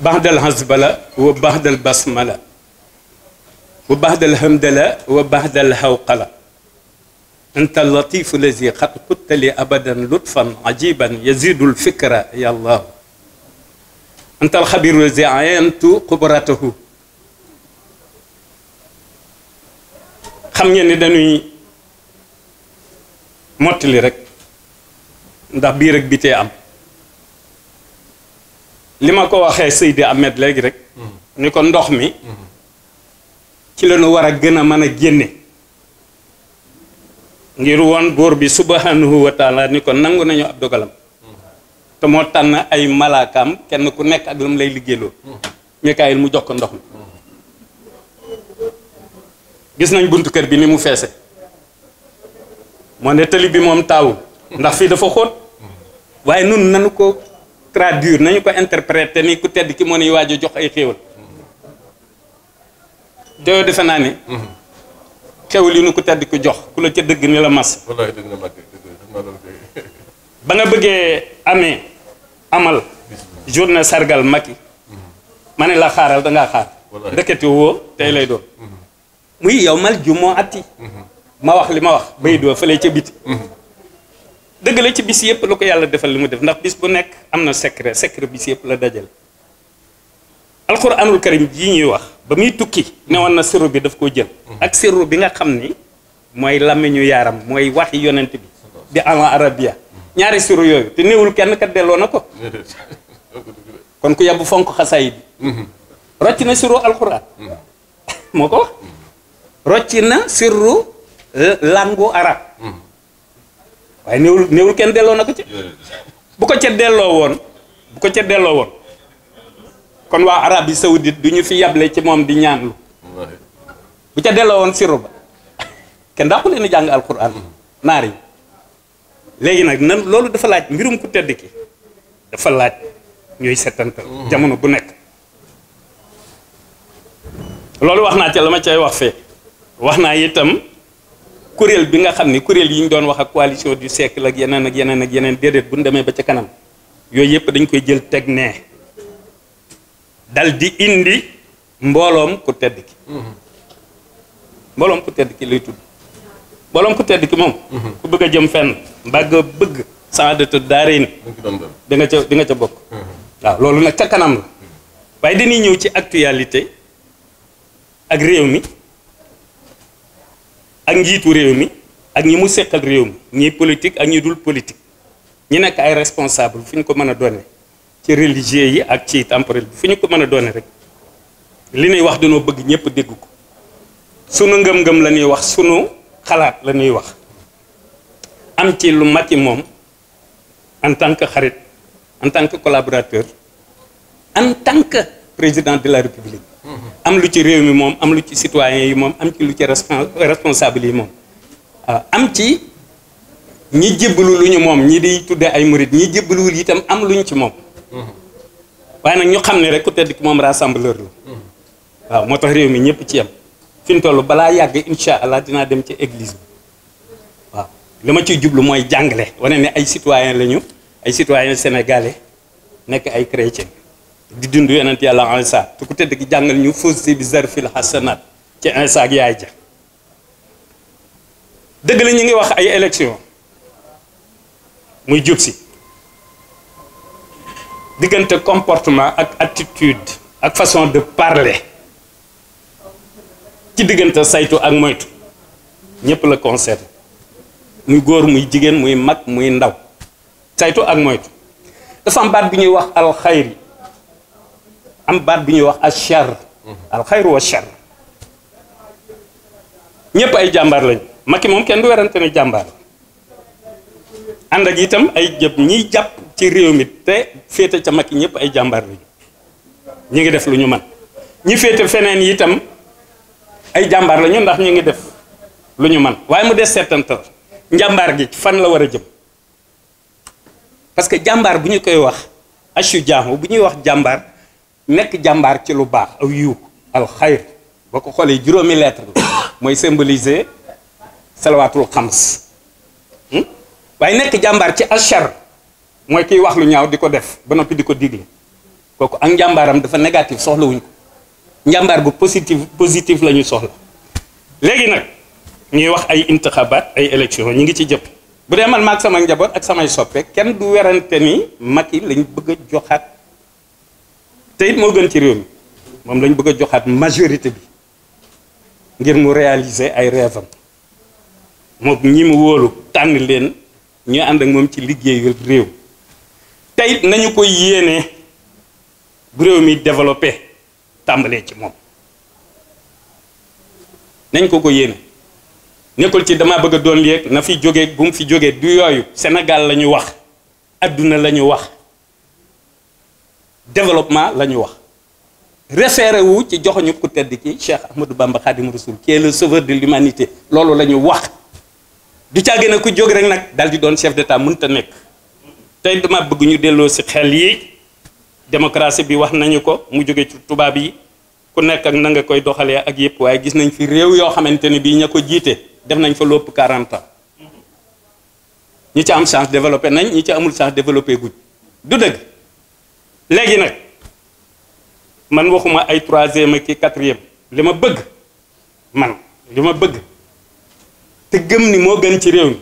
بعد الهزبلة وبعد البسملة وبعد الهمدلة وبعد الهوقلة أنت اللطيف الذي قد قلت لي أبدا لطفا عجيبا يزيد الفكرة يا الله أنت الخبير الذي عينت قبرته xam ندني موت لي رك ndax bii rek bi am li ma ko waxee Seydi Ahmed léegi rek ni ko ndox mi ci la ñu war a gën a man a génne ngir woon góor bi suba wa taala ni ko nangu nañu ab dogalam te moo tànn ay malaakaam kenn ku nekk ak lam lay liggéeyloo Mikaayil mu jox ko ndox mi gis nañ buntu kër bi ni mu feese moo ne tali bi moom taawu ndax fi dafa xóot waaye nun nanu ko traduire nañu ko interpréter ni ku tedd ki moo nuy waaj a jox ay xéewal te yow defe naa ni xéewal li nu ku tedd ki jox ku la ca dëgg ni la mas ba nga bëggee amee amal journée sargal Macky ma ne la xaaral dangaa xaar ndekete woo tey lay doon mhm. muy yow mal ju moo atti mhm. ma wax li ma wax bay doo fële ca biti mhm. deug la ci bis yëpp lu ko yàlla defal li mu def ndax bis bu nekk am na secret secret bis yëpp la dajal alquranul karim ji ñuy wax ba muy tukki newoon na sirru bi daf koo jël ak sirru bi nga xam ni mooy làmmiñu yaaram mooy waxi yonent bi di alan arabia ñaari sirru yooyu te néewul kenn kat delloo na ko kon ku yàbbu fonk xasaay bi rocc na sirru alquran moo ko na sirru euh, langu arab waaye néewul néewul kenn delloo na ko ci bu ko ca delloo woon bu ko ca delloo woon kon waa Arabie Saoudite du ñu fi yable ci moom di ñaanlu bu ca delloo woon siru ba kenn daa ko leen jàng naar yi léegi nag nan loolu dafa laaj mbirum ku tedd ki dafa laaj ñuy settantal mm-hmm. jamono bu nekk loolu wax naa ca la ma cay wax fee wax naa itam kuréel bi nga xam ni kuréel yi ñu doon wax ak coalition du siècle ak yeneen ak yeneen ak yeneen déedéet bu ñu demee ba ca kanam yooyu yëpp dañ koy jël teg nee dal di indi mbooloom ku tedd ki mbooloom ku tedd ki lay moom ku bëgg a jëm fenn mbàgg bëgg sandata daareen di nga ca di nga ca bokk waaw loolu nag ca kanam la waaye dañuy ñëw ci actualité ak réew mi ak njiitu réew mi ak ñi mu seqal réew mi ñi politique ak ñi dul politique ñi nekk ay responsable fu ñu ko mën a doone ci religieux yi ak ci temporel bi fu ñu ko mën a doone rek li ñuy wax dañoo bëgg ñëpp dégg ko sunu ngëm-ngëm la ñuy wax sunu xalaat la ñuy wax am ci lu yi moom en tant que xarit en tant que collaborateur en tant que président de la république am lu ci réew mi moom am lu ci citoyens yi moom am ci lu ci responsable yi moom waaw ah, am ci ñi jébbalu lu ñu moom ñi di tudde ay murit ñi jébbaluwul itam am lu ñu ci moom waaye nag ñu xam ne rek ku tedd ki moom rassembleur la waaw moo tax réew mi ñëpp ci yam fi mu toll balaa yàgg insha allah dinaa dem ci église bi waaw li ma ciy jublu mooy jàngale wane ne ay citoyen lañu ay citoyen sénégalais nekk ay chrétien di dund yonent yàlla Iisaa te ku tedd ki jàngal ñu fausse bi zarfil xasanaat ci Iisaa ak yaay ja dëgg la ñu ngi wax ay élection muy jub si diggante comportement ak attitude ak façon de parler ci diggante saytu ak moytu ñëpp la concerné muy góor muy jigéen muy mag muy ndaw saytu ak moytu dafa baat bi ñuy wax alxayri am baat biñu wax ashar. al alxayru wa shar ñepp ay jambar lañ makki mom kenn du wérante ni jambar ànd ak itam ay jëb ñi japp ci réew mi te fété ca makki ñepp ay jambar lañ ñi ngi def luñu man ñi féete feneen itam ay jambar lañu ndax ñi ngi def luñu man waye mu des seetantal jambar gi fan la wara jëm parce que jambar buñu koy wax ashu jaamu buñu wax jambar nekk jàmbaar ci lu baax aw yiw alxayr boo ko xoolee juróomi lettre mooy symboliser salawaatul xams hmm? waaye nekk jàmbaar ci achar mooy kiy wax lu ñaaw di ko def ba noppi di ko digle kooku ak njàmbaaram dafa négatif soxla wuñ njàmbaar gu positive positive la ñu soxla léegi nag ñuy wax ay intixabaat ay élection ñu ngi ci jëpp bu dee man maag sama njaboot ak samay soppe kenn du werante ni mag yi lañu bëgg a joxaat te moo gën ci réew mi moom lañ bëgg a joxaat majorité bi ngir mu réalise ay rêve am moom ñi mu wóolu tànn leen ñu ànd ak moom ci liggéeyul réew te nañu ko yéene bu réew mi développé tàmbalee ci moom nañ ko ko yéene nekkul ci dama bëgg a doon léeg na fi jóge bu mu fi jógee du yooyu senegal la ñu wax adduna la wax développement la ñu wax référé wu ci joxoñu ku tedd ki Cheikh Ahmadou Bamba Khadim Rasoul qui est le sauveur de l'humanité loolu la ñu wax du caagee na ku jóg rek nag daal di doon chef d'état te nekk tey dama bëgg ñu delloo si xel yi démocratie bi wax nañu ko mu jóge ci tubaab yi ku nekk ak na nga koy doxalee ak yëpp waaye gis nañ fi réew yoo xamante ne bii ña ko jiite def nañ fa lopp 40 ans ñi ci am chance développé nañ ñi ci amul chance développé guñ du dëgg léegi nag man waxuma ay troisième ak quatrième li ma bëgg man li ma bëgg te gëm ni moo gën ci réew mi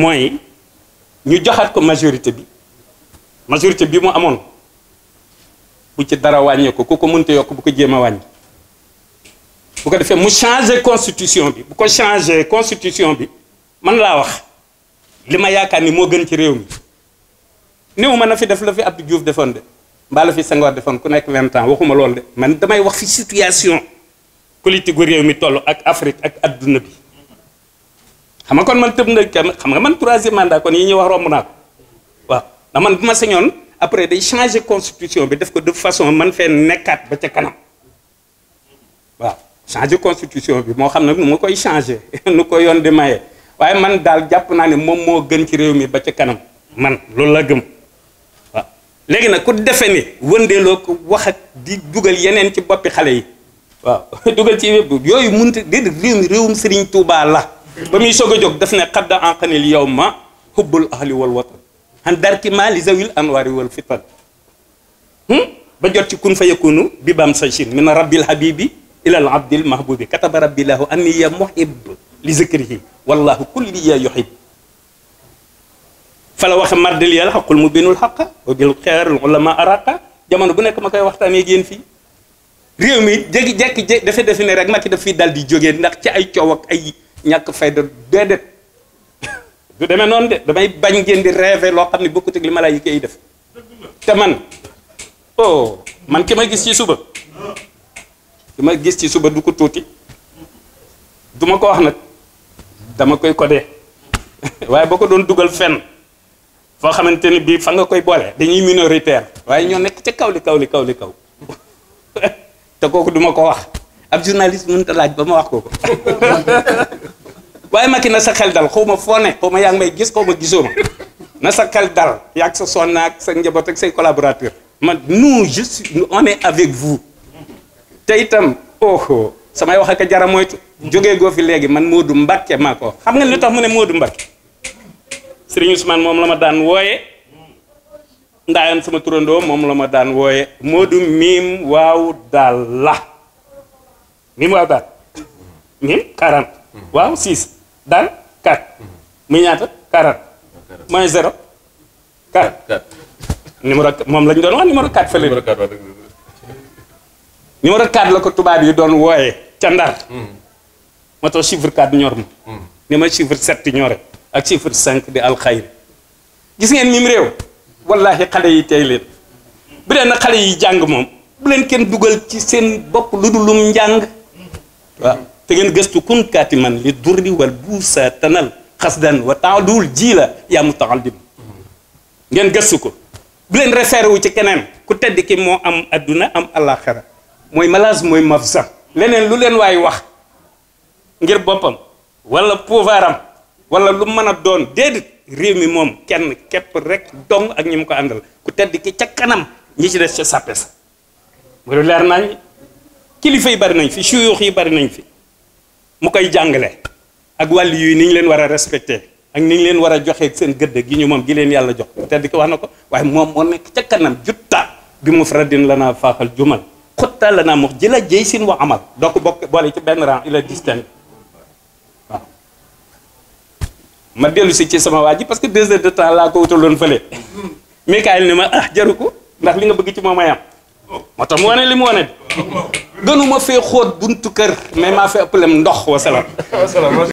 mooy ñu joxaat ko majorité bi majorité bi mu amoon bu ci dara wàññee ko ku ko mënta yokk bu ko jéem a wàññi bu ko defee mu changer constitution bi bu ko changer constitution bi man laa wax li ma yaakaar ni moo gën ci réew mi néew ma na fi def la fi Abdou Diouf defoon de mbaa la fi Senghor defoon ku nekk vingt ans waxuma loolu de man damay wax fi situation politique réew mi toll ak Afrique ak adduna bi xam nga kon man tëb na xam nga man troisième mandat kon yi ñu wax romb naa ko waaw ndax man bu ma señoon après day changer constitution bi def ko de façon man fee nekkaat ba ca kanam waaw changer constitution bi moo xam ne nu ma koy changer nu ko yoon di maye waaye man daal jàpp naa ne moom moo gën ci réew mi ba ca kanam man loolu la gëm. léegi nag ku defe ni wëndeeloo ko wax ak di dugal yeneen ci boppi xale yi waaw dugal ci wépp yooyu munta déedéet réew mi réewum Serigne Touba la ba muy soog a jóg daf ne xadda anqanil yow ma hubbul ahli wal watan an darki ma li zawil anwaari wal fitan ba jot ci kun fa yakunu bi bam sa chin min rabbil habibi ilal abdil mahbubi kataba rabbilahu anniya muhib li zikrihi wallahu kulliya yuhib fa la waxe mardil yàlla xaqul mu binul xaqa wa bil xeerul ulama araqa jamono bu nekk ma koy waxtaan ak yéen fii réew mi jékki jékki dafa defe ne rek Macky def fii dal di jóge ndax ci ay coow ak ay ñàkk fayda déedéet du demee noonu de damay bañ ngeen di rêver loo xam ne bokkut ak li malaayika yi def te man oh man ki ma gis ci suba ki ma gis ci suba du ko tuuti du ma ko wax nag dama koy codé waaye boo ko doon dugal fen foo xamante ni bii fa nga koy boole dañuy minoritaire waaye ñoo nekk ca kaw li kaw li kaw li kaw te kooku duma ko wax ab journaliste mënut a laaj ba ma wax ko ko waaye Macky na sa xel dal xaw ma foo ne xaw ma yaa ngi may gis xaw ma gisoo ma na sa xel dal yaa sa sonn ak sa njaboot ak say collaborateur man nous juste on est avec vous te itam oh, oh. samay wax ak a jara moytu jógee goo fi léegi man Modou Mbacké maa ko xam nga lu tax mu ne Modou Mbacké Serigne Ousmane moom la ma daan wooye ndaayan sama turandoo moom la ma daan wooye Modou miim waaw daal la miim waaw daal miim 40 waaw 6 daal 4 muy ñaata 40 moins moom lañ doon wax numéro 4 fële numéro 4 la ko tubaab yi doon wooye ca ndar mm. ma tax chiffre 4 ñor ma mm. ni ma chiffre 7 ñore ak chiffre cinq di alxayri gis ngeen mim réew wallaahi xale yi tey leen bu dee na xale yi jàng moom bu leen kenn dugal ci seen bopp lu dul lum njàng te ngeen gëstu kun kaatiman li durri wal buusa tanal xasdan wa taaduwul ji la yaa mu taxaldim ngeen gëstu ko bu leen référé wu ci keneen ku tedd ki moo am adduna am alaxira mooy malaas mooy mafsa leneen lu leen waay wax ngir boppam wala pouvoir wala lu mën a doon déedéet réew mi moom kenn képp rek dong ak ñi mu ko àndal ku tedd ki ca kanam ñi ci des ca sàppe sa mu leer nañ kilifa yi bari nañ fi suyuux yi bari nañ fi mu koy jàngale ak wàll yuy ni leen war a respecté ak ni ñu leen war a joxee seen gëdd gi ñu moom gi leen yàlla jox te di ko wax na ko waaye moom moo nekk ca kanam jutta bi mu faradin la naa faaxal jumal xutta la naa mox jëla jëy sin wa amal donc bokk boole ci benn rang il a ma dellu si ci sama waa ji parce que deux heures de temps laa ko wutaloon fële mais kaay ne ma ah jaru ko ndax li nga bëgg ci moom ay am moo tax mu wane li mu wane bi gënuma fee xóot buntu kër mais maa fee ëppalem ndox wasalaam